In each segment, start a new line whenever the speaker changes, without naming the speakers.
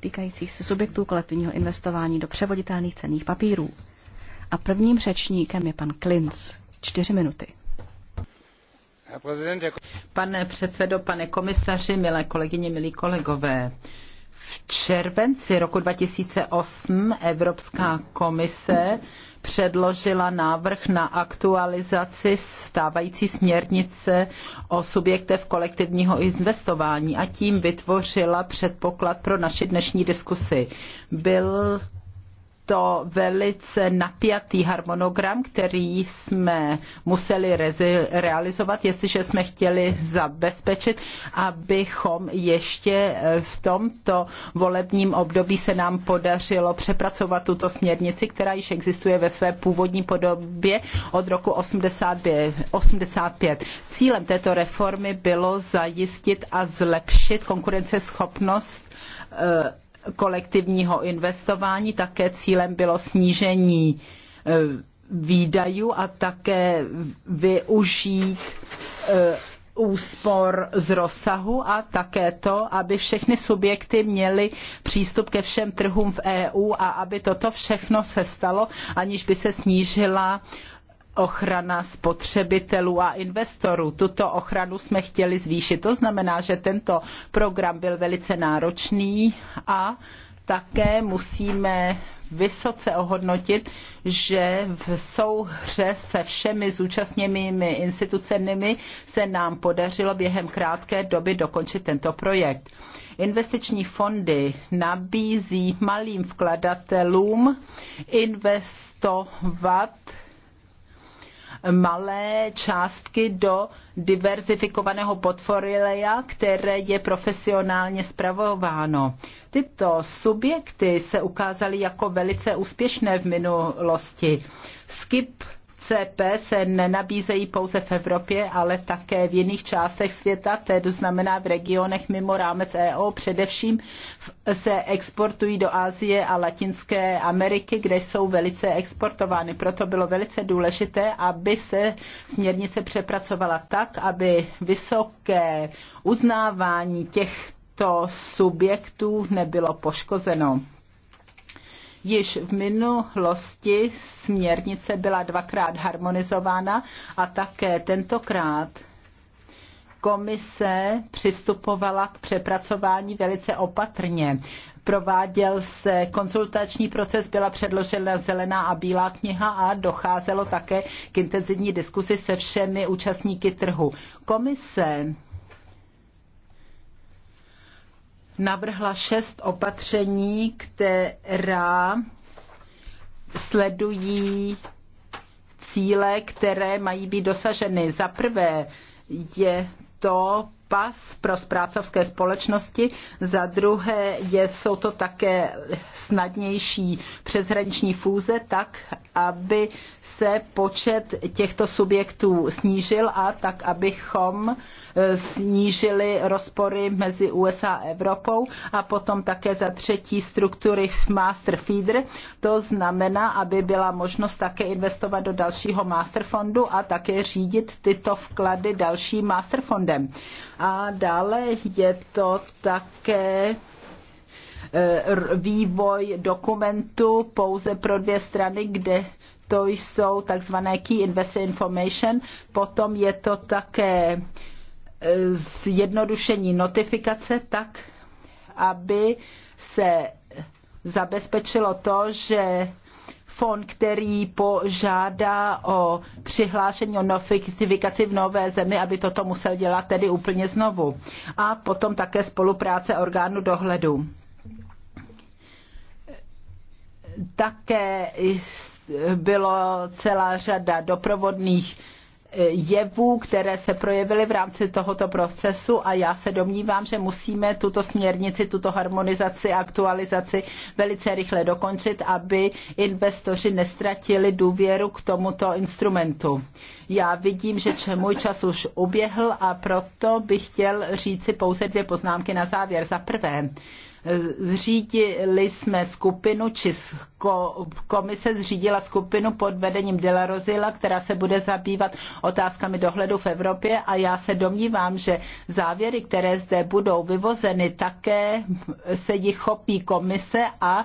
týkajících se subjektů kolektivního investování do převoditelných cených papírů. A prvním řečníkem je pan Klinc. Čtyři minuty.
Pane jako- předsedo, pane komisaři, milé kolegyně, milí kolegové, v červenci roku 2008 Evropská komise předložila návrh na aktualizaci stávající směrnice o subjektech kolektivního investování a tím vytvořila předpoklad pro naši dnešní diskusi. Byl to velice napjatý harmonogram, který jsme museli realizovat, jestliže jsme chtěli zabezpečit, abychom ještě eh, v tomto volebním období se nám podařilo přepracovat tuto směrnici, která již existuje ve své původní podobě od roku 85. Cílem této reformy bylo zajistit a zlepšit konkurenceschopnost eh, kolektivního investování. Také cílem bylo snížení e, výdajů a také využít e, úspor z rozsahu a také to, aby všechny subjekty měly přístup ke všem trhům v EU a aby toto všechno se stalo, aniž by se snížila ochrana spotřebitelů a investorů. Tuto ochranu jsme chtěli zvýšit. To znamená, že tento program byl velice náročný a také musíme vysoce ohodnotit, že v souhře se všemi zúčastněnými institucemi se nám podařilo během krátké doby dokončit tento projekt. Investiční fondy nabízí malým vkladatelům investovat malé částky do diverzifikovaného portfolia, které je profesionálně spravováno. Tyto subjekty se ukázaly jako velice úspěšné v minulosti. Skip CP se nenabízejí pouze v Evropě, ale také v jiných částech světa, tedy znamená v regionech mimo rámec EO. Především se exportují do Asie a Latinské Ameriky, kde jsou velice exportovány. Proto bylo velice důležité, aby se směrnice přepracovala tak, aby vysoké uznávání těchto subjektů nebylo poškozeno. Již v minulosti směrnice byla dvakrát harmonizována a také tentokrát komise přistupovala k přepracování velice opatrně. Prováděl se konzultační proces, byla předložena zelená a bílá kniha a docházelo také k intenzivní diskusi se všemi účastníky trhu. Komise navrhla šest opatření, která sledují cíle, které mají být dosaženy. Za prvé je to pas pro zprácovské společnosti, za druhé je, jsou to také snadnější přeshraniční fúze, tak aby se počet těchto subjektů snížil a tak abychom uh, E, snížily rozpory mezi USA a Evropou a potom také za třetí struktury Master Feeder. To znamená, aby byla možnost také investovat do dalšího Master fondu a také řídit tyto vklady dalším Master fondem. A dále je to také e, vývoj dokumentu pouze pro dvě strany, kde to jsou takzvané key investor information. Potom je to také zjednodušení notifikace tak, aby se zabezpečilo to, že fond, který požádá o přihlášení o notifikaci v nové zemi, aby toto musel dělat tedy úplně znovu. A potom také spolupráce orgánu dohledu. Také bylo celá řada doprovodných jevů, které se projevily v rámci tohoto procesu a já se domnívám, že musíme tuto směrnici, tuto harmonizaci, aktualizaci velice rychle dokončit, aby investoři nestratili důvěru k tomuto instrumentu. Já vidím, že můj čas už uběhl a proto bych chtěl říci pouze dvě poznámky na závěr. Za prvé, Zřídili jsme skupinu, či komise zřídila skupinu pod vedením Delarozila, která se bude zabývat otázkami dohledu v Evropě a já se domnívám, že závěry, které zde budou vyvozeny, také se jich chopí komise a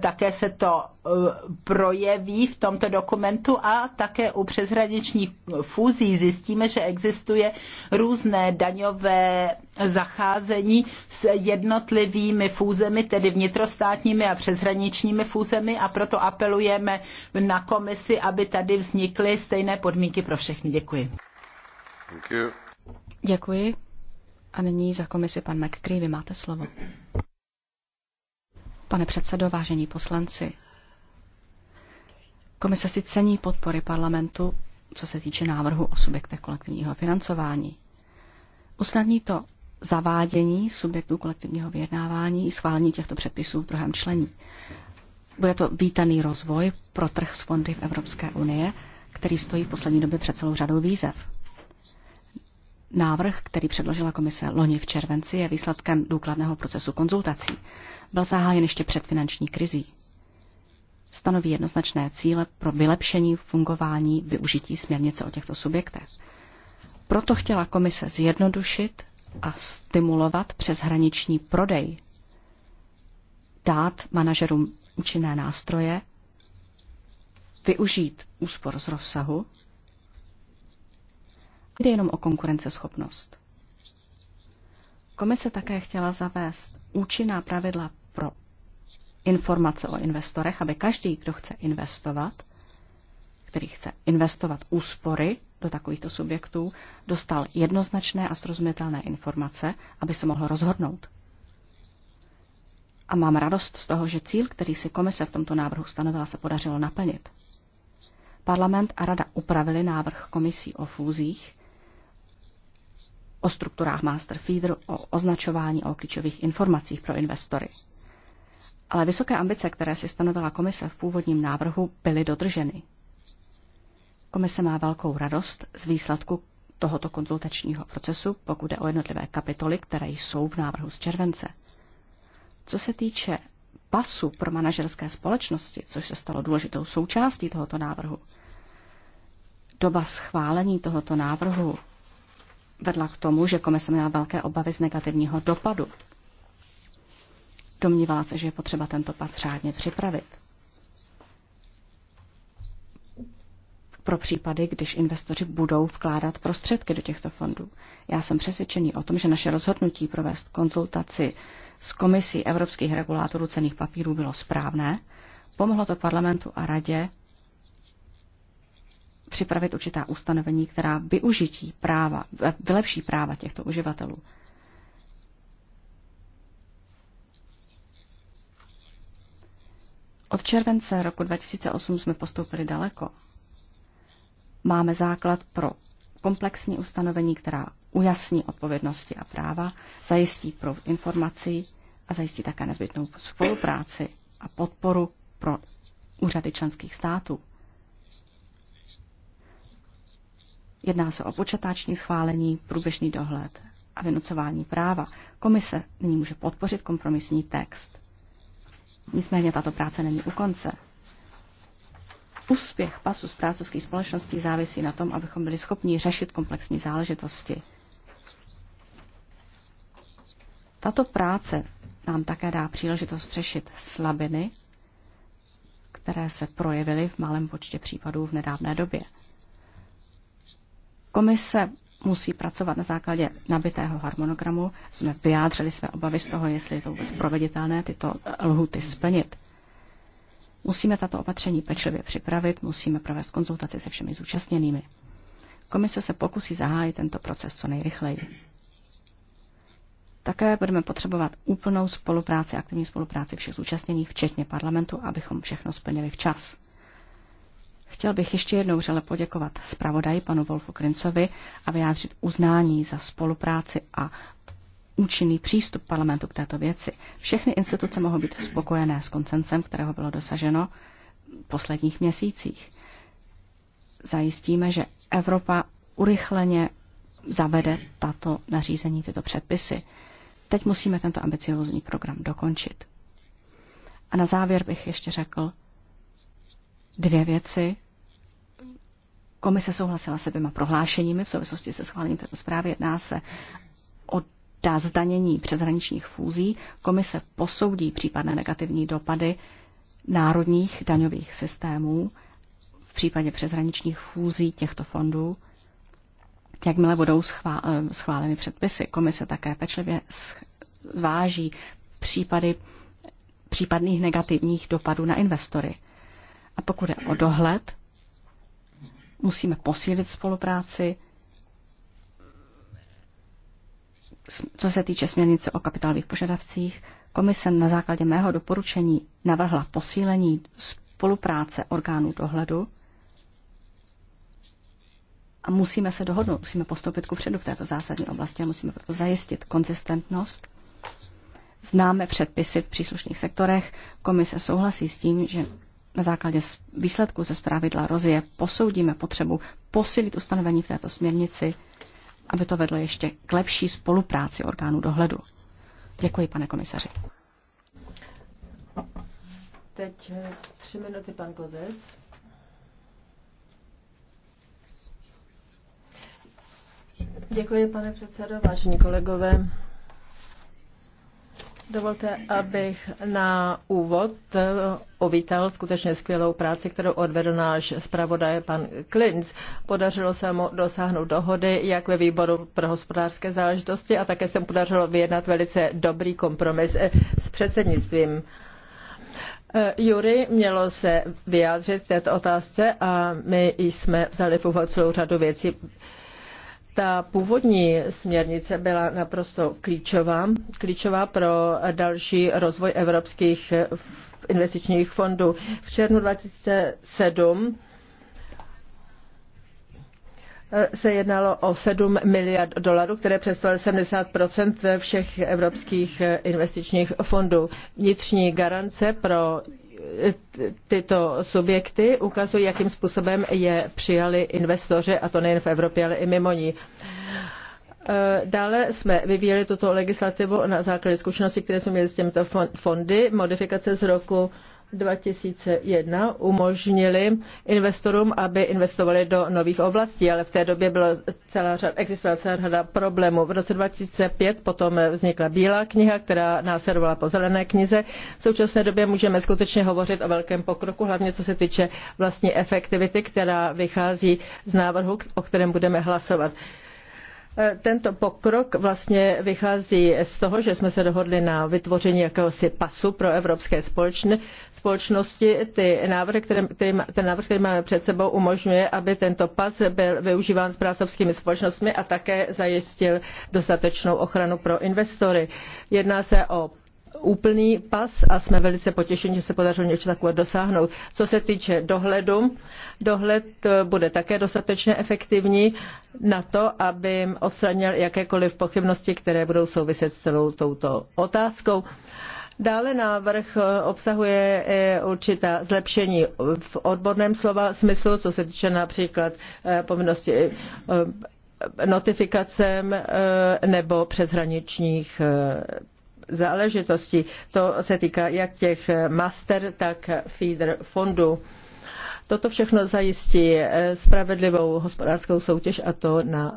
také se to Eh, projeví v tomto dokumentu a také u přeshraničních fúzí zjistíme, že existuje různé daňové zacházení s jednotlivými fúzemi, tedy vnitrostátními a přeshraničními fúzemi a proto apelujeme na komisi, aby
tady vznikly stejné podmínky pro všechny. Děkuji. Děkuji. A nyní za komisi pan McCree, vy máte slovo. Pane předsedo, vážení poslanci, Komise si cení podpory parlamentu, co se týče návrhu o subjektech kolektivního financování. Usnadní to zavádění subjektů kolektivního vyjednávání i schválení těchto předpisů v druhém člení. Bude to vítaný rozvoj pro trh s fondy v Evropské unie, který stojí v poslední době před celou řadou výzev. Návrh, který předložila komise loni v červenci, je výsledkem důkladného procesu konzultací. Byl zahájen ještě před finanční krizí stanoví jednoznačné cíle pro vylepšení fungování využití směrnice o těchto subjektech. Proto chtěla komise zjednodušit a stimulovat přeshraniční prodej, dát manažerům účinné nástroje, využít úspor z rozsahu. Jde jenom o konkurenceschopnost. Komise také chtěla zavést účinná pravidla pro informace o investorech, aby každý, kdo chce investovat, který chce investovat úspory do takovýchto subjektů, dostal jednoznačné a srozumitelné informace, aby se mohl rozhodnout. A mám radost z toho, že cíl, který si komise v tomto návrhu stanovila, se podařilo naplnit. Parlament a rada upravili návrh komisí o fúzích, o strukturách Master Feeder, o označování a o klíčových informacích pro investory ale vysoké ambice, které si stanovila komise v původním návrhu, byly dodrženy. Komise má velkou radost z výsledku tohoto konzultačního procesu, pokud jde o jednotlivé kapitoly, které jsou v návrhu z července. Co se týče pasu pro manažerské společnosti, což se stalo důležitou součástí tohoto návrhu, doba schválení tohoto návrhu vedla k tomu, že komise měla velké obavy z negativního dopadu Domnívá se, že je potřeba tento pas řádně připravit. pro případy, když investoři budou vkládat prostředky do těchto fondů. Já jsem přesvědčený o tom, že naše rozhodnutí provést konzultaci s Komisí evropských regulátorů cených papírů bylo správné. Pomohlo to parlamentu a radě připravit určitá ustanovení, která využití práva, vylepší práva těchto uživatelů. Od července roku 2008 jsme postoupili daleko. Máme základ pro komplexní ustanovení, která ujasní odpovědnosti a práva, zajistí pro informací a zajistí také nezbytnou spolupráci a podporu pro úřady členských států. Jedná se o počatáční schválení, průběžný dohled a vynucování práva. Komise nyní může podpořit kompromisní text. Nicméně tato práce není u konce. Úspěch pasu z prácovských společností závisí na tom, abychom byli schopni řešit komplexní záležitosti. Tato práce nám také dá příležitost řešit slabiny, které se projevily v malém počtě případů v nedávné době. Komise musí pracovat na základě nabitého harmonogramu. Jsme vyjádřili své obavy z toho, jestli je to vůbec proveditelné tyto eh, lhuty splnit. Musíme tato opatření pečlivě připravit, musíme provést konzultaci se všemi zúčastněnými. Komise se pokusí zahájit tento proces co nejrychleji. Také budeme potřebovat úplnou spolupráci, aktivní spolupráci všech zúčastněných, včetně parlamentu, abychom všechno splnili včas. Chtěl bych ještě jednou řele poděkovat zpravodaji panu Wolfu Krincovi a vyjádřit uznání za spolupráci a účinný přístup parlamentu k této věci. Všechny instituce mohou být spokojené s koncencem, kterého bylo dosaženo v posledních měsících. Zajistíme, že Evropa urychleně zavede tato nařízení, tyto předpisy. Teď musíme tento ambiciozní program dokončit. A na závěr bych ještě řekl dvě věci, Komise souhlasila se dvěma prohlášeními v souvislosti se schválením této zprávy. Jedná se o dá zdanění přeshraničních fúzí. Komise posoudí případné negativní dopady národních daňových systémů v případě přeshraničních fúzí těchto fondů. Jakmile budou eh, schváleny předpisy, komise také pečlivě zváží případy případných negativních dopadů na investory. A pokud je o dohled, Musíme posílit spolupráci, co se týče směrnice o kapitálových požadavcích, komise na základě mého doporučení navrhla posílení spolupráce orgánů dohledu a musíme se dohodnout, musíme postoupit ku předu v této zásadní oblasti a musíme proto zajistit konzistentnost. Známe předpisy v příslušných sektorech, komise souhlasí s tím, že na základě výsledků ze zprávy dla rozje posoudíme potřebu posilit ustanovení v této směrnici, aby to vedlo ještě k lepší spolupráci orgánů dohledu. Děkuji, pane komisaři.
Teď eh, tři minuty, pan Kozes. Děkuji, pane předsedo, vážení kolegové. Dovolte, abych na úvod uvítal skutečně skvělou práci, kterou odvedl náš zpravodaj pan Klinc. Podařilo se mu dosáhnout dohody jak ve výboru pro hospodářské záležitosti a také se mu podařilo vyjednat velice dobrý kompromis eh, s předsednictvím. Eh, Jury mělo se vyjádřit k této otázce a my jsme vzali v úvod celou řadu věcí. Ta původní směrnice byla naprosto klíčová, klíčová pro další rozvoj evropských investičních fondů. V červnu 2007 se jednalo o 7 miliard dolarů, které představily 70 všech evropských investičních fondů. Vnitřní garance pro tyto subjekty ukazují, jakým způsobem je přijali investoři, a to nejen v Evropě, ale i mimo ní. E, dále jsme vyvíjeli tuto legislativu na základě zkušeností, které jsme měli s těmito fondy. Modifikace z roku 2001 umožnili investorům, aby investovali do nových oblastí, ale v té době bylo celá řada, existovala celá řada problémů. V roce 2005 potom vznikla Bílá kniha, která následovala po Zelené knize. V současné době můžeme skutečně hovořit o velkém pokroku, hlavně co se týče vlastní efektivity, která vychází z návrhu, o kterém budeme hlasovat. Tento pokrok vlastně vychází z toho, že jsme se dohodli na vytvoření jakéhosi pasu pro evropské společnosti ty návrhy, které, který, ten návrh, který máme před sebou, umožňuje, aby tento pas byl využíván s pracovskými společnostmi a také zajistil dostatečnou ochranu pro investory. Jedná se o úplný pas a jsme velice potěšeni, že se podařilo něco takové dosáhnout. Co se týče dohledu, dohled eh, bude také dostatečně efektivní na to, aby odstranil jakékoliv pochybnosti, které budou souviset s celou touto otázkou. Uh, Dále návrh eh, obsahuje eh, určitá zlepšení v odborném slova smyslu, co se týče například eh, povinnosti notifikacem nebo přeshraničních záležitostí. To se týká jak těch master, tak feeder fondů. Toto všechno zajistí spravedlivou hospodářskou soutěž a to na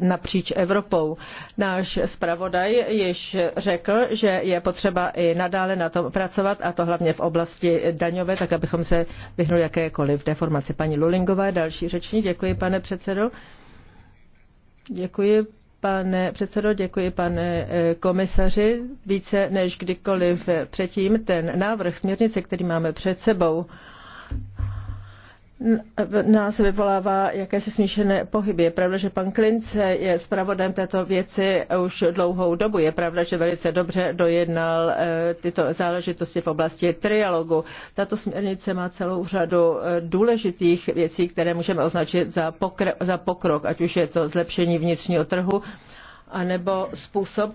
napříč Evropou. Náš zpravodaj již řekl, že je potřeba i nadále na tom pracovat, a to hlavně v oblasti daňové, tak abychom se vyhnuli jakékoliv deformaci. Paní Lulingová, další řečník, děkuji, pane předsedo. Děkuji, Pane předsedo, děkuji pane eh, komisaři. Více než kdykoliv předtím ten návrh směrnice, který máme před sebou, nás vyvolává jakési smíšené pohyby. Je pravda, že pan Klinc je zpravodem této věci už dlouhou dobu. Je pravda, že velice dobře dojednal eh, tyto záležitosti v oblasti trialogu. Tato směrnice má celou řadu eh, důležitých věcí, které můžeme označit za, pokr- za pokrok, ať už je to zlepšení vnitřního trhu, anebo způsob,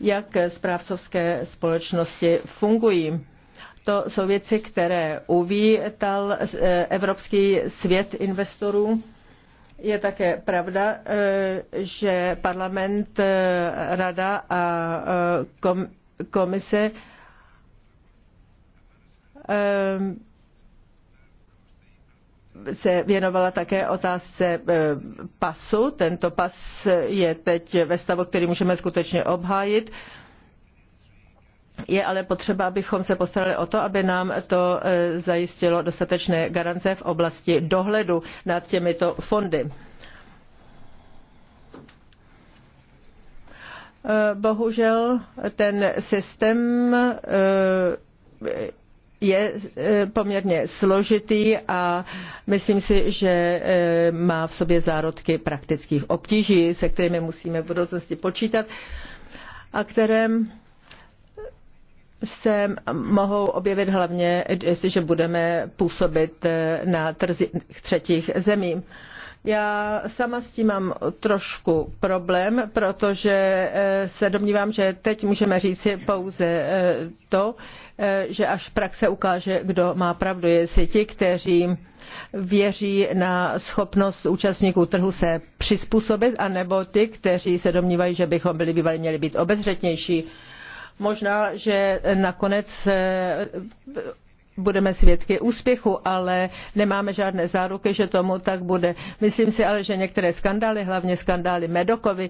jak správcovské společnosti fungují to jsou věci, které uvítal eh, evropský svět investorů. Je také pravda, eh, že parlament, eh, rada a komise se věnovala také otázce pasu. Tento pas je teď ve stavu, který můžeme skutečně obhájit. Je ale potřeba, abychom se postarali o to, aby nám to e, zajistilo dostatečné garance v oblasti dohledu nad těmito fondy. E, bohužel ten systém e, je poměrně složitý a myslím si, že má v sobě zárodky praktických obtíží, se kterými musíme v budoucnosti počítat a kterém se mohou objevit hlavně, jestliže budeme působit na trzích třetích zemí. Já sama s tím mám trošku problém, protože eh, se domnívám, že teď můžeme říci pouze eh, to, eh, že až praxe ukáže, kdo má pravdu, jestli ti, kteří věří na schopnost účastníků trhu se přizpůsobit, anebo ty, kteří se domnívají, že bychom byli bývali měli být obezřetnější. Možná, že nakonec eh, budeme svědky úspěchu, ale nemáme žádné záruky, že tomu tak bude. Myslím si ale, že některé skandály, hlavně skandály Medokovi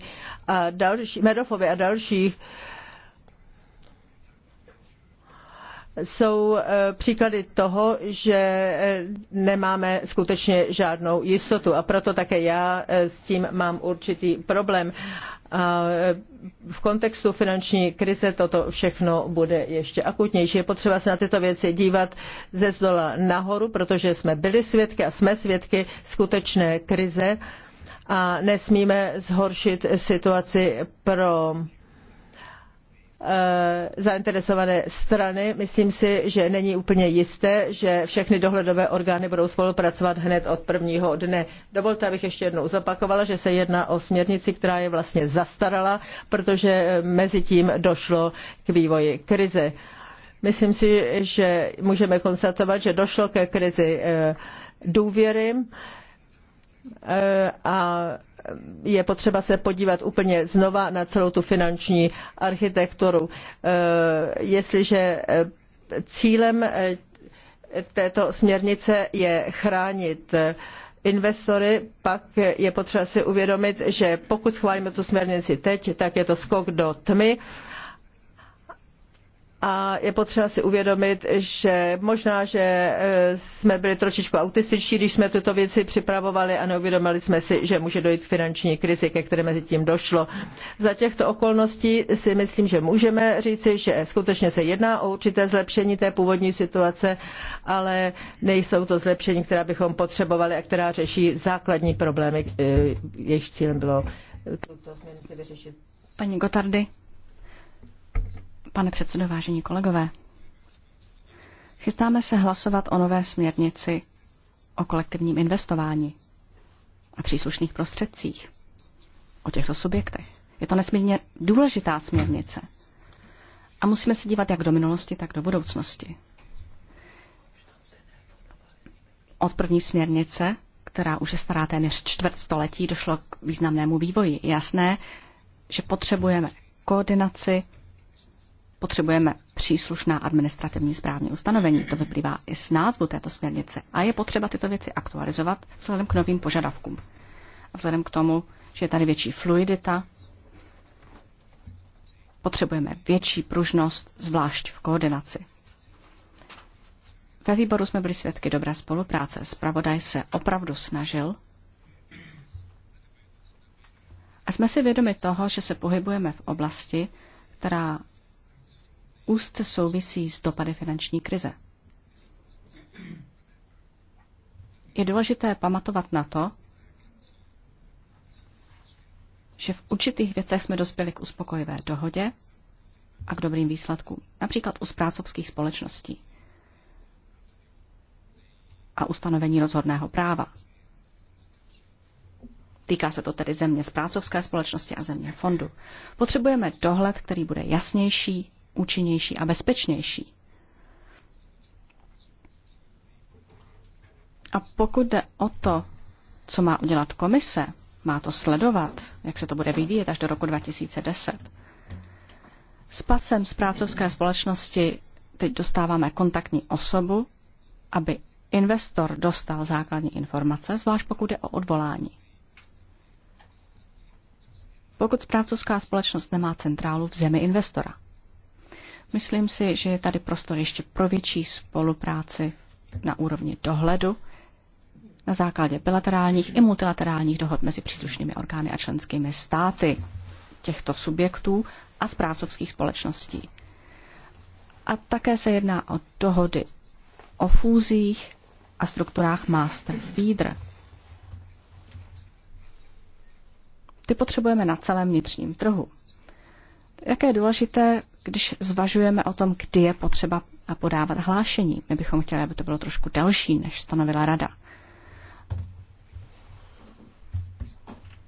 a další, Medofovi a dalších, jsou eh, příklady toho, že eh, nemáme skutečně žádnou jistotu a proto také já s tím mám určitý problém. A eh, v kontextu finanční krize toto všechno bude ještě akutnější. Je potřeba se na tyto věci dívat ze zdola nahoru, protože jsme byli svědky a jsme svědky skutečné krize a nesmíme zhoršit situaci pro Eh, zainteresované strany. Myslím si, že není úplně jisté, že všechny dohledové orgány budou spolupracovat hned od prvního dne. Dovolte, abych ještě jednou zopakovala, že se jedná o směrnici, která je vlastně zastarala, protože eh, mezi tím došlo k vývoji krize. Myslím si, že můžeme konstatovat, že došlo ke krizi eh, důvěry. Eh, a je potřeba se podívat úplně znova na celou tu finanční architekturu. Eh, jestliže eh, cílem této směrnice je chránit investory, pak je potřeba si uvědomit, že pokud schválíme tu směrnici teď, tak je to skok do tmy a je potřeba si uvědomit, že možná, že e, jsme byli trošičku autističtí, když jsme tuto věci připravovali a neuvědomili jsme si, že může dojít k finanční krizi, ke které mezi tím došlo. Za těchto okolností si myslím, že můžeme říci, že skutečně se jedná o určité zlepšení té původní situace, ale nejsou to zlepšení, která bychom potřebovali a která řeší
základní problémy, e, jejichž cílem bylo
tuto změnu vyřešit.
Paní Gotardy. Pane předsedo, vážení kolegové, chystáme se hlasovat o nové směrnici o kolektivním investování a příslušných prostředcích, o těchto subjektech. Je to nesmírně důležitá směrnice. A musíme se dívat jak do minulosti, tak do budoucnosti. Od první směrnice, která už je stará téměř čtvrt století, došlo k významnému vývoji. jasné, že potřebujeme koordinaci Potřebujeme příslušná administrativní správní ustanovení, to vyplývá i z názvu této směrnice a je potřeba tyto věci aktualizovat vzhledem k novým požadavkům. A vzhledem k tomu, že je tady větší fluidita, potřebujeme větší pružnost, zvlášť v koordinaci. Ve výboru jsme byli svědky dobré spolupráce. Spravodaj se opravdu snažil. A jsme si vědomi toho, že se pohybujeme v oblasti, která úzce souvisí s dopady finanční krize. Je důležité pamatovat na to, že v určitých věcech jsme dospěli k uspokojivé dohodě a k dobrým výsledkům, například u zprácovských společností a ustanovení rozhodného práva. Týká se to tedy země z společnosti a země fondu. Potřebujeme dohled, který bude jasnější, účinnější a bezpečnější. A pokud jde o to, co má udělat komise, má to sledovat, jak se to bude vyvíjet až do roku 2010. S pasem z pracovské společnosti teď dostáváme kontaktní osobu, aby investor dostal základní informace, zvlášť pokud je o odvolání. Pokud správcovská společnost nemá centrálu v zemi investora. Myslím si, že je tady prostor ještě pro větší spolupráci na úrovni dohledu na základě bilaterálních i multilaterálních dohod mezi příslušnými orgány a členskými státy těchto subjektů a zprácovských společností. A také se jedná o dohody o fúzích a strukturách master feeder. Ty potřebujeme na celém vnitřním trhu. Jaké je důležité, když zvažujeme o tom, kdy je potřeba podávat hlášení? My bychom chtěli, aby to bylo trošku delší, než stanovila rada.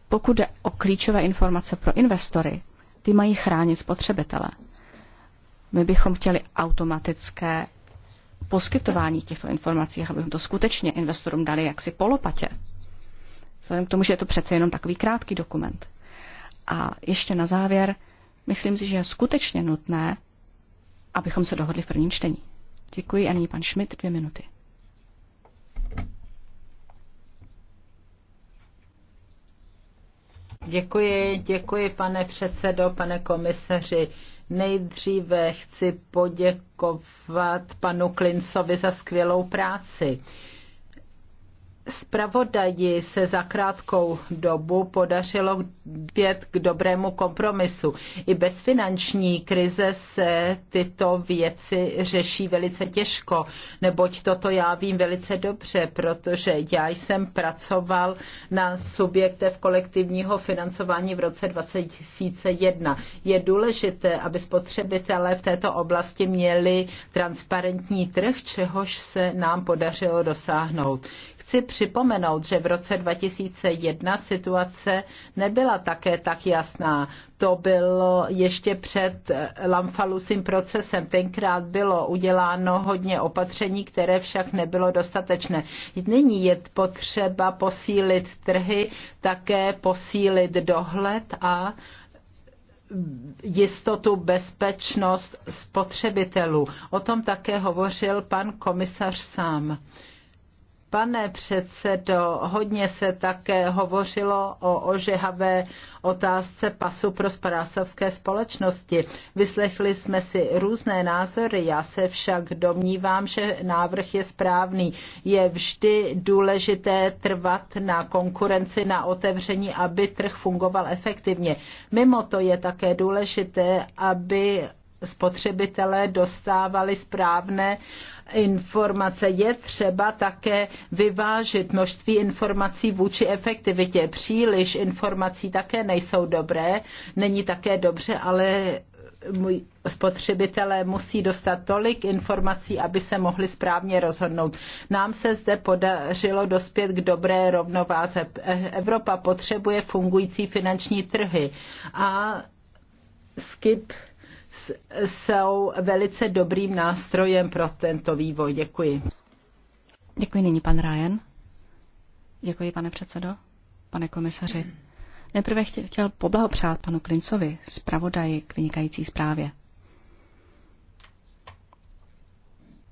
Pokud jde o klíčové informace pro investory, ty mají chránit spotřebitele. My bychom chtěli automatické poskytování těchto informací, abychom to skutečně investorům dali jaksi polopatě. Vzhledem k tomu, že je to přece jenom takový krátký dokument. A ještě na závěr, Myslím si, že je skutečně nutné, abychom se dohodli v prvním čtení. Děkuji a nyní pan Schmidt dvě minuty.
Děkuji, děkuji pane předsedo, pane komisaři. Nejdříve chci poděkovat panu Klincovi za skvělou práci zpravodaji se za krátkou dobu podařilo pět k dobrému kompromisu. I bez finanční krize se tyto věci řeší velice těžko, neboť toto já vím velice dobře, protože já jsem pracoval na subjektech kolektivního financování v roce 2001. Je důležité, aby spotřebitelé v této oblasti měli transparentní trh, čehož se nám podařilo dosáhnout. Chci připomenout, že v roce 2001 situace nebyla také tak jasná. To bylo ještě před eh, Lamfalusým procesem. Tenkrát bylo uděláno hodně opatření, které však nebylo dostatečné. Nyní je potřeba posílit trhy, také posílit dohled a jistotu, bezpečnost spotřebitelů. O tom také hovořil pan komisař sám. Pane předsedo, hodně se také hovořilo o ožehavé otázce pasu pro sparásovské společnosti. Vyslechli jsme si různé názory, já se však domnívám, že návrh je správný. Je vždy důležité trvat na konkurenci, na otevření, aby trh fungoval efektivně. Mimo to je také důležité, aby spotřebitelé dostávali správné informace. Je třeba také vyvážit množství informací vůči efektivitě. Příliš informací také nejsou dobré, není také dobře, ale můj spotřebitelé musí dostat tolik informací, aby se mohli správně rozhodnout. Nám se zde podařilo dospět k dobré rovnováze. Evropa potřebuje fungující finanční trhy a skip jsou velice dobrým nástrojem pro tento vývoj. Děkuji.
Děkuji nyní pan Ryan. Děkuji, pane předsedo, pane komisaři. Nejprve chtěl poblahopřát panu Klincovi, zpravodaji k vynikající zprávě.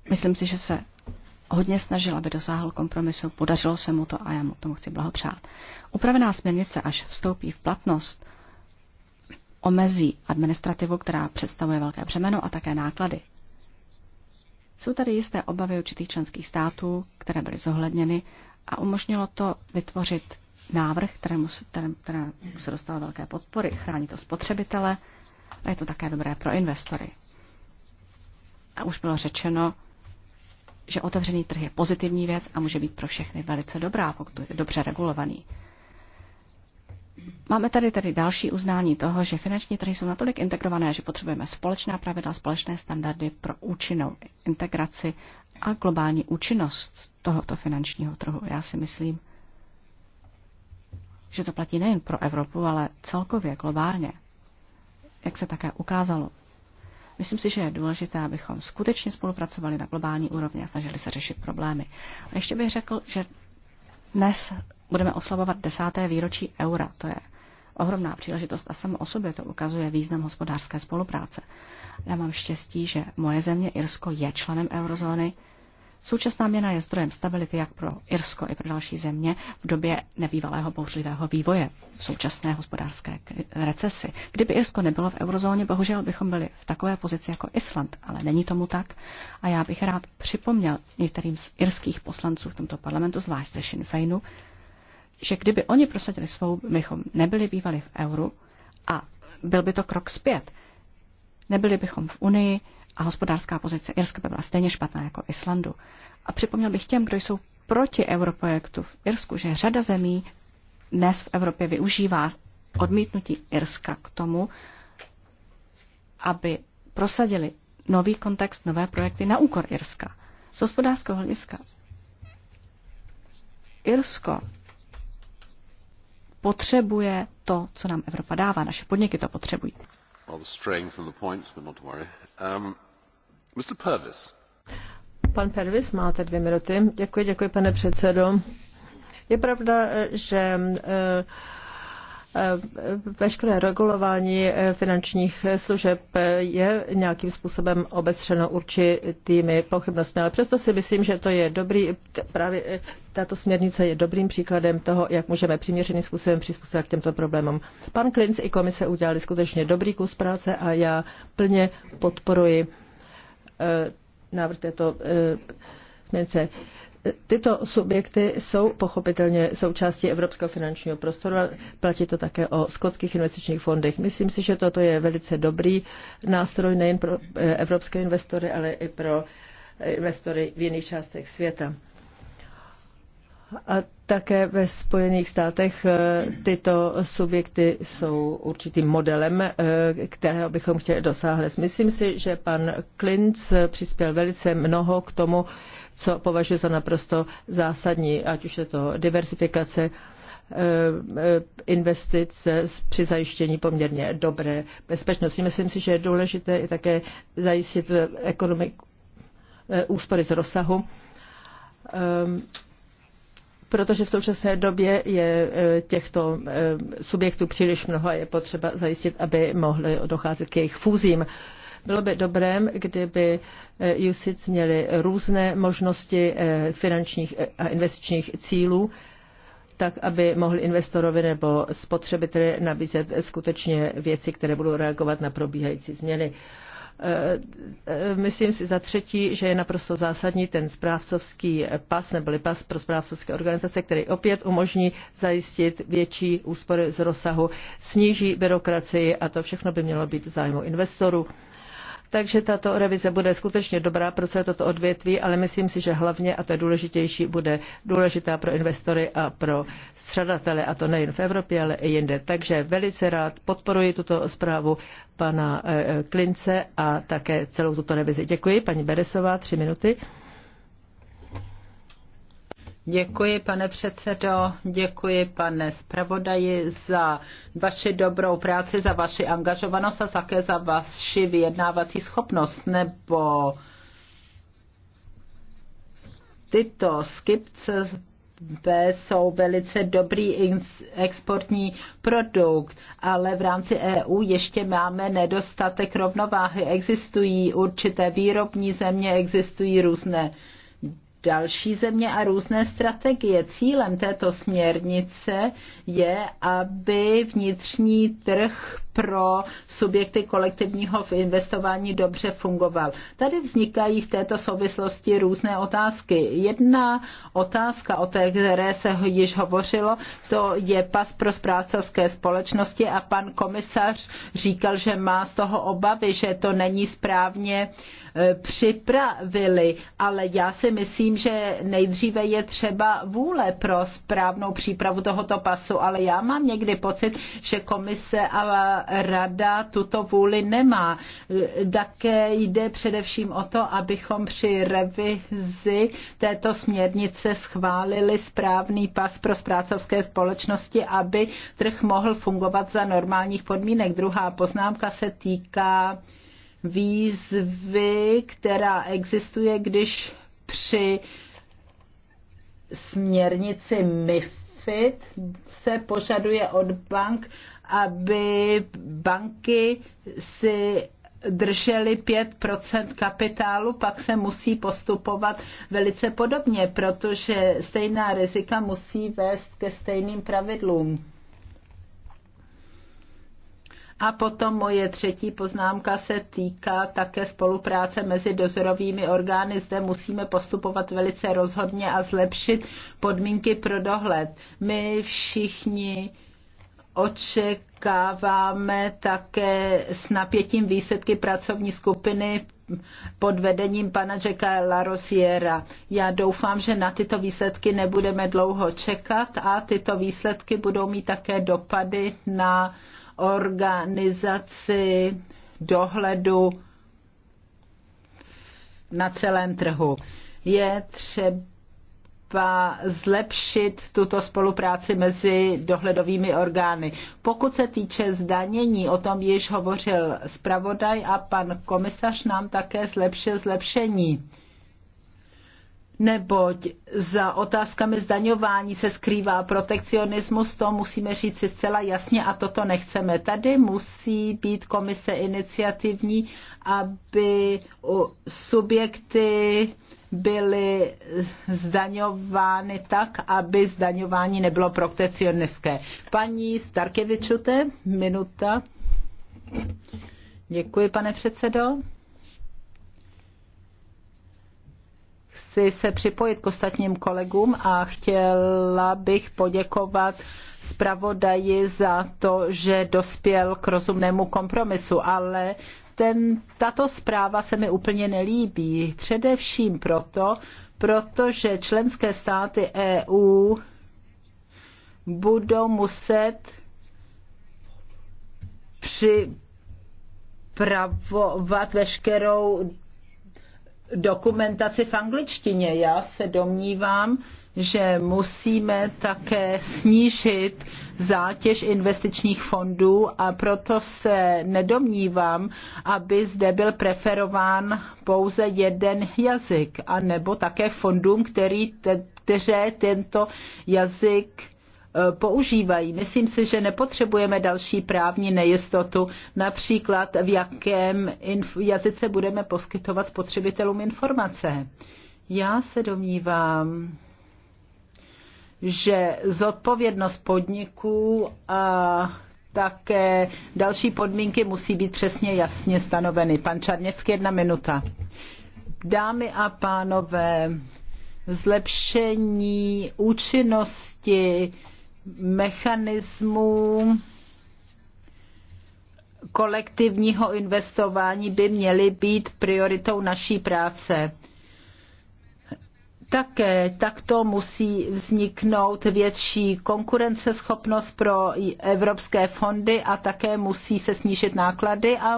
Myslím si, že se hodně snažil, aby dosáhl kompromisu, podařilo se mu to a já mu tomu chci blahopřát. Upravená směrnice, až vstoupí v platnost, omezí administrativu, která představuje velké břemeno a také náklady. Jsou tady jisté obavy určitých členských států, které byly zohledněny a umožnilo to vytvořit návrh, kterému, kterému, kterému se dostalo velké podpory, chrání to spotřebitele a je to také dobré pro investory. A už bylo řečeno, že otevřený trh je pozitivní věc a může být pro všechny velice dobrá, pokud je dobře regulovaný. Máme tady tedy další uznání toho, že finanční trhy jsou natolik integrované, že potřebujeme společná pravidla, společné standardy pro účinnou integraci a globální účinnost tohoto finančního trhu. Já si myslím, že to platí nejen pro Evropu, ale celkově globálně, jak se také ukázalo. Myslím si, že je důležité, abychom skutečně spolupracovali na globální úrovni a snažili se řešit problémy. A ještě bych řekl, že dnes budeme oslavovat desáté výročí eura. To je ohromná příležitost a samo o sobě to ukazuje význam hospodářské spolupráce. Já mám štěstí, že moje země Irsko je členem eurozóny Současná měna je zdrojem stability jak pro Irsko, i pro další země v době nebývalého bouřlivého vývoje, v současné hospodářské recesi. Kdyby Irsko nebylo v eurozóně, bohužel bychom byli v takové pozici jako Island, ale není tomu tak. A já bych rád připomněl některým z irských poslanců v tomto parlamentu, zvlášť ze Sinn Féinu, že kdyby oni prosadili svou, bychom nebyli bývali v euru a byl by to krok zpět. Nebyli bychom v Unii, a hospodářská pozice Irska by byla stejně špatná jako Islandu. A připomněl bych těm, kdo jsou proti europrojektu v Irsku, že řada zemí dnes v Evropě využívá odmítnutí Irska k tomu, aby prosadili nový kontext, nové projekty na úkor Irska. Z hospodářského hlediska Irsko potřebuje to, co nám Evropa dává. Naše podniky to potřebují. Well,
máte dvě pane předsedající Je pravda, že eh, eh, veškeré regulování eh, finančních služeb je nějakým způsobem obestřeno určitými pochybnostmi, ale přesto si myslím, že to je dobrý, právě tato směrnice je dobrým příkladem toho, jak můžeme přiměřeným způsobem přizpůsobit k těmto problémům. Pan klinz i komise udělali skutečně dobrý kus práce a já plně podporuji Eh, návrh této eh, směrnice. Tyto subjekty jsou pochopitelně součástí evropského finančního prostoru, ale platí to také o skotských investičních fondech. Myslím si, že toto je velice dobrý nástroj nejen pro eh, evropské investory, ale i pro investory v jiných částech světa. A také ve Spojených státech eh, tyto subjekty jsou určitým modelem, eh, kterého bychom chtěli dosáhnout. Myslím si, že pan Klinc eh, přispěl velice mnoho k tomu, co považuji za naprosto zásadní, ať už je to diversifikace investic při zajištění poměrně dobré bezpečnosti. Myslím si, že je důležité i také zajistit ekonomik, úspory z rozsahu ehm, protože v současné době je eh, těchto eh, subjektů příliš mnoho a je potřeba zajistit, aby mohly docházet k jejich fúzím. Bylo by dobré, kdyby eh, USIC měli různé možnosti finančních a investičních cílů, tak aby mohli investorovi nebo spotřebiteli nabízet skutečně věci, které budou reagovat na probíhající změny. Eh, eh, myslím si za třetí, že je naprosto zásadní ten správcovský pas neboli pas pro správcovské organizace, který opět umožní zajistit větší úspory z rozsahu, sníží byrokracii a to všechno by mělo být v zájmu investorů. Takže tato revize bude skutečně dobrá pro celé toto odvětví, ale myslím si, že hlavně, a to je důležitější, bude důležitá pro investory a pro střadatele, a to nejen v Evropě, ale i jinde. Takže velice rád podporuji tuto zprávu pana eh, Klince a také celou tuto revizi. Děkuji, paní Beresová, tři minuty.
Děkuji, pane předsedo, děkuji, pane zpravodaji, za vaši dobrou práci, za vaši angažovanost a také za vaši vyjednávací schopnost, nebo tyto skipce jsou velice dobrý exportní produkt, ale v rámci EU ještě máme nedostatek rovnováhy. Existují určité výrobní země, existují různé další země a různé strategie. Cílem této směrnice je, aby vnitřní trh pro subjekty kolektivního investování dobře fungoval. Tady vznikají v této souvislosti různé otázky. Jedna otázka, o té, které se již hovořilo, to je pas pro zprácovské společnosti a pan komisař říkal, že má z toho obavy, že to není správně e, připravili, ale já si myslím, že nejdříve je třeba vůle pro správnou přípravu tohoto pasu, ale já mám někdy pocit, že komise a rada tuto vůli nemá. Také jde především o to, abychom při revizi této směrnice schválili správný pas pro zprácovské společnosti, aby trh mohl fungovat za normálních podmínek. Druhá poznámka se týká výzvy, která existuje, když při
směrnici
MIFID se požaduje od bank, aby banky si drželi 5% kapitálu, pak se musí postupovat velice podobně, protože stejná rizika musí vést ke stejným pravidlům. A potom moje třetí poznámka se týká také spolupráce mezi dozorovými orgány. Zde musíme postupovat velice rozhodně a zlepšit podmínky pro dohled. My všichni očekáváme také s napětím výsledky pracovní skupiny pod vedením pana Jacka Larosiera. Já doufám, že na tyto výsledky nebudeme dlouho čekat a tyto výsledky budou mít také dopady na organizaci dohledu na celém trhu. Je třeba třeba zlepšit tuto spolupráci mezi dohledovými orgány. Pokud se týče zdanění, o tom již hovořil zpravodaj a pan komisař nám také zlepšil zlepšení neboť za otázkami zdaňování se skrývá protekcionismus, to musíme říct si zcela jasně a toto nechceme. Tady musí být komise iniciativní, aby subjekty byly zdaňovány tak, aby zdaňování nebylo protekcionistické. Paní Starkevičute, minuta. Děkuji, pane předsedo. chci se připojit k ostatním kolegům a chtěla bych poděkovat zpravodaji za to, že dospěl k rozumnému kompromisu, ale ten, tato zpráva se mi úplně nelíbí. Především proto, protože členské státy EU budou muset připravovat veškerou dokumentaci v angličtině. Já se domnívám, že musíme také snížit zátěž investičních fondů a proto se nedomnívám, aby zde byl preferován pouze jeden jazyk, anebo také fondům, který te, kteří tento jazyk Eh, používají. Myslím si, že nepotřebujeme další právní nejistotu, například v jakém jazyce budeme poskytovat spotřebitelům informace. Já se domnívám, že zodpovědnost podniků a také další podmínky musí být přesně jasně stanoveny. Pan Čarněcký, jedna minuta. Dámy a pánové, zlepšení účinnosti mechanismu kolektivního investování by měly být prioritou naší práce. Také takto musí vzniknout větší konkurenceschopnost pro evropské fondy a také musí se snížit náklady. A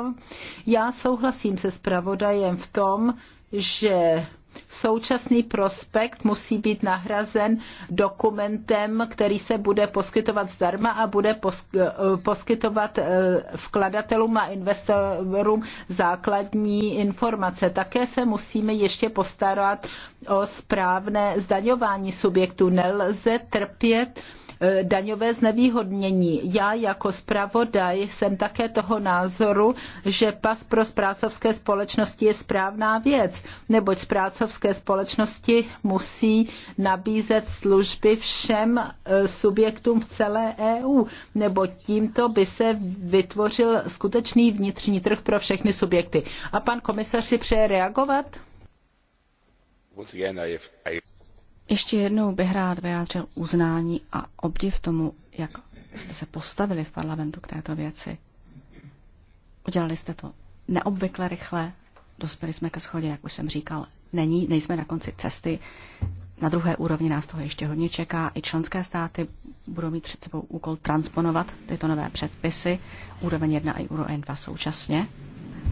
já souhlasím se zpravodajem v tom, že Současný prospekt musí být nahrazen dokumentem, který se bude poskytovat zdarma a bude eh, poskytovat eh, vkladatelům a investorům základní informace. Také se musíme ještě postarat o správné zdaňování subjektů. Nelze trpět Eh, daňové znevýhodnění. Já jako zpravodaj jsem také toho názoru, že pas pro zprácovské společnosti je správná věc, neboť zprácovské společnosti musí nabízet služby všem eh, subjektům v celé EU, nebo tímto by se vytvořil skutečný vnitřní trh pro všechny subjekty. A pan komisař si přeje reagovat?
Once again, I have, I... Ještě jednou bych rád vyjádřil uznání a obdiv tomu, jak jste se postavili v parlamentu k této věci. Udělali jste to neobvykle rychle, dospěli jsme ke schodě, jak už jsem říkal, není, nejsme na konci cesty. Na druhé úrovni nás toho ještě hodně čeká. I členské státy budou mít před sebou úkol transponovat tyto nové předpisy, úroveň 1 i úroveň 2 současně,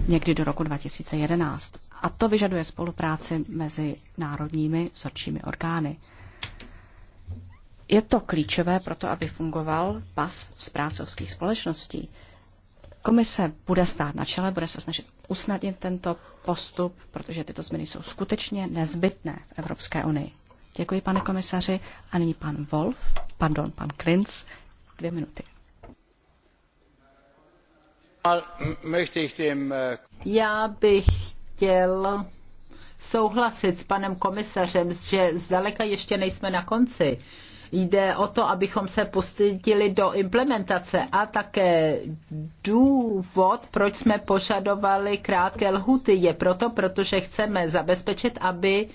někdy do roku 2011. A to vyžaduje spolupráci mezi národními sorčími orgány. Je to klíčové pro to, aby fungoval pas z prácovských společností. Komise bude stát na čele, bude se snažit usnadnit tento postup, protože tyto změny jsou skutečně nezbytné v Evropské unii. Děkuji, pane komisaři. A nyní pan Wolf, pardon, pan Klinz, dvě minuty.
Já bych chtěl souhlasit s panem komisařem, že zdaleka ještě nejsme na konci. Jde o to, abychom se pustili do implementace a také důvod, proč jsme požadovali krátké lhuty, je proto, protože chceme zabezpečit, aby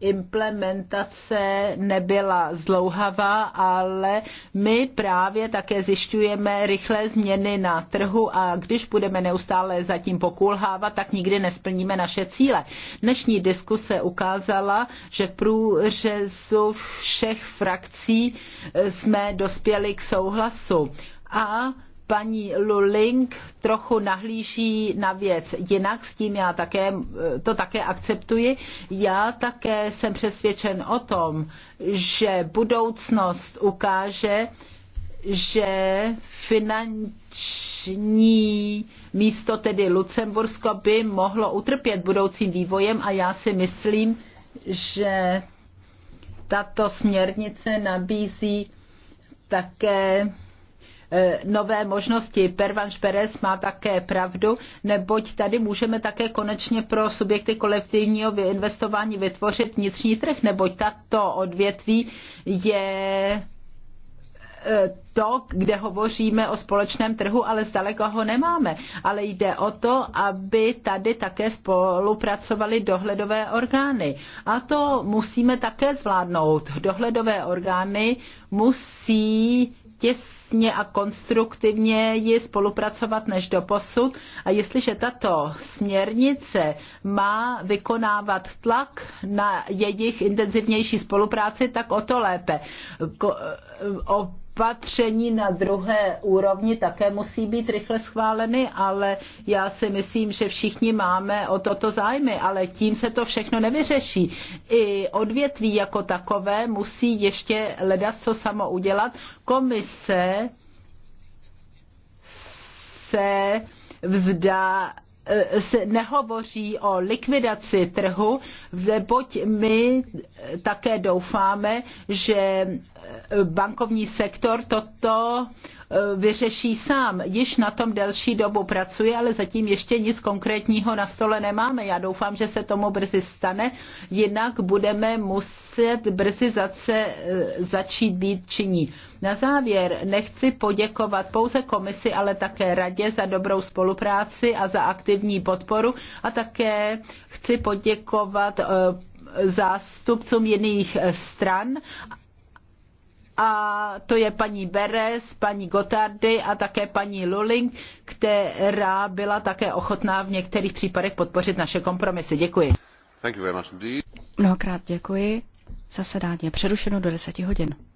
implementace nebyla zlouhavá, ale my právě také zjišťujeme rychlé změny na trhu a když budeme neustále zatím pokulhávat, tak nikdy nesplníme naše cíle. Dnešní diskuse ukázala, že v průřezu všech frakcí jsme dospěli k souhlasu. A paní Luling trochu nahlíží na věc jinak, s tím já také, eh, to také akceptuji. Já také jsem přesvědčen o tom, že budoucnost ukáže, že finanční místo, tedy Lucembursko, by mohlo utrpět budoucím vývojem a já si myslím, že tato směrnice nabízí také Eh, nové možnosti. Pervanš Perez má také pravdu, neboť tady můžeme také konečně pro subjekty kolektivního investování vytvořit vnitřní trh, neboť tato odvětví je eh, to, kde hovoříme o společném trhu, ale zdaleka ho nemáme. Ale jde o to, aby tady také spolupracovaly dohledové orgány. A to musíme také zvládnout. Dohledové orgány musí těsně a konstruktivně ji spolupracovat než do posud. A jestliže tato směrnice má vykonávat tlak na jejich intenzivnější spolupráci, tak o to lépe. Ko, o opatření na druhé úrovni také musí být rychle schváleny, ale já si myslím, že všichni máme o toto zájmy, ale tím se to všechno nevyřeší. I odvětví jako takové musí ještě ledas co samo udělat. Komise se vzdá Eh, se nehovoří o likvidaci trhu, neboť my také doufáme, že eh, bankovní sektor toto Eh, vyřeší sám. Již na tom delší dobu pracuje, ale zatím ještě nic konkrétního na stole nemáme. Já doufám, že se tomu brzy stane, jinak budeme muset brzy zace, eh, začít být činí. Na závěr nechci poděkovat pouze komisi, ale také radě za dobrou spolupráci a za aktivní podporu a také chci poděkovat eh, zástupcům jiných stran a to je paní Beres, paní Gotardy a také paní Luling, která byla také ochotná v některých případech podpořit naše kompromisy. Děkuji. Thank you very much Mnohokrát
děkuji. Zasedání je přerušeno do 10 hodin.